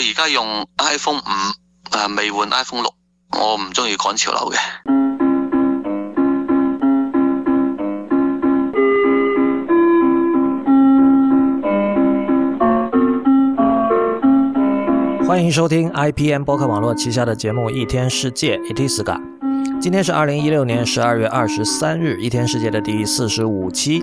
我而家用 iPhone 五、呃，誒未換 iPhone 六，我唔中意趕潮流嘅。歡迎收聽 IPN 播客網絡旗下的節目《一天世界》，It is g a。今天是二零一六年十二月二十三日，《一天世界》的第四十五期。